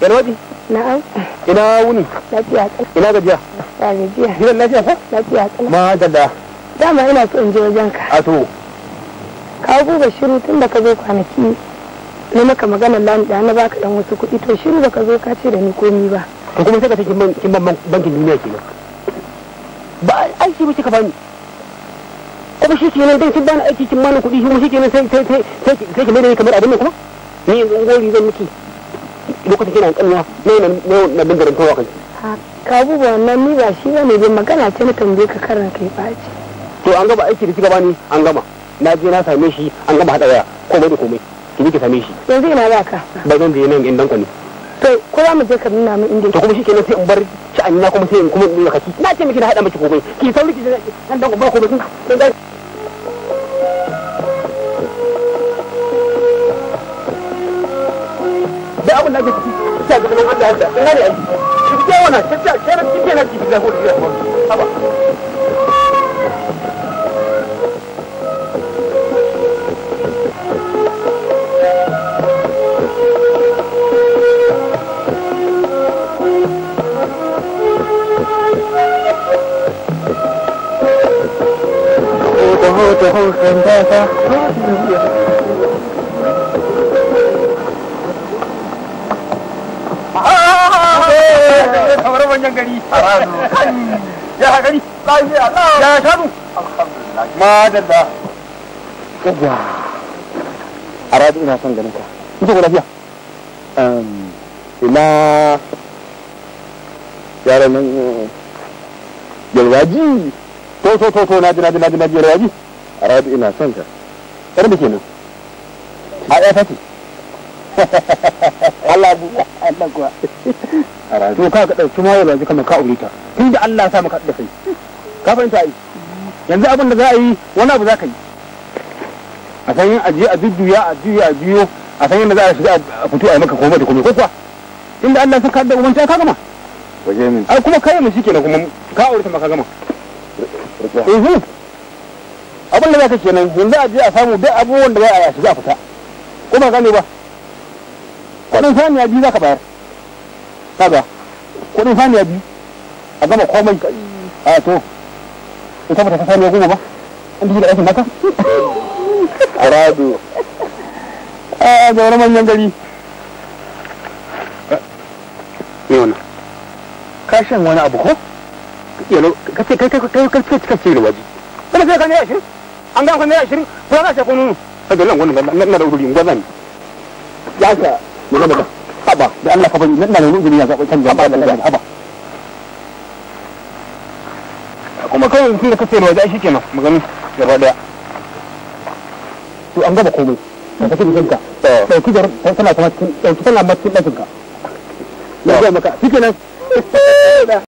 Garwaɗi? Na'am. Ina wuni? Lafiya Ina gajiya? Lafiya. Gidan lafiya fa? Lafiya Ma dalla. dama ina so in je wajen ka a to ka goga shiru tun da ka zo kwanaki na maka magana lani da na baka dan wasu kuɗi to shiru da ka zo ka ce da ni komi ba to kuma saka ka cikin kin ban bankin duniya kenan ba aiki ba kika bani kuma shi kenan dan kin bani aiki kin bani kuɗi kuma shi kenan sai sai sai sai ki mai da kamar abin nan kuma ni yanzu gori zan miki lokacin kina kanna ne ne na dinga rintawa kai ka abubuwan nan ni ba shi ba ne bin magana ce na tambaye ka karan kai ba ce to an gaba aiki da kika bani an gama na je na same shi an gama hada waya komai da komai ki ki same shi yanzu ina ba ka ba zan je nan in dan kwani to ko za mu je ka nuna min inda to kuma shi kenan sai in bar shi an na kuma sai in kuma in ka kaki na ce miki na hada miki komai ki sauri ki je nan dan ba komai kin dan da abin da ake ciki sai ga nan Allah ya da ina ne ai ki ce wannan sai ta kira ki kenan ki da hodiya haba 后的后生大家。kamar wajen ya ya to to to na ji na ji rabi ina son ka kar mu kenan a ya fati Allah bu Allah kuwa to ka ka dauki mai ba kamar ka aure ta tunda Allah ya sa maka da kai ka fahimta ai yanzu abin da za a yi wani abu za ka yi a san yin ajiye a dudduya a juya a juyo a san da za a shiga a fito a maka komai da komai ko kuwa inda Allah sun kada umarci ka gama waje min ai kuma kai mu shike na kuma ka aure ta maka gama eh abin da za ka kenan yanzu a je a samu duk abubuwan da za a yi shiga fita ko ba gane ba kudin saniya biyu za ka bayar kaga kudin saniya biyu a gama komai a to in ka fita ta saniya goma ba in da aikin naka a rado a zaune manyan gari yau ka shan wani abu ko? yalo ka ce kai kai kai kai kai kai kai kai kai kai kai kai kai kai an gan naira ashirin ko za ka kunu a ga nan wannan na da wuri gwazan ya ka ne ga da haba da Allah ka bani na da wuri ya zaɓa kan jama'a da haba kuma kai yanzu da kace na shi kenan magani gaba daya to an gaba komai da kake da kanka dauki jar tana kuma dauki tana matkin dakin ya ga maka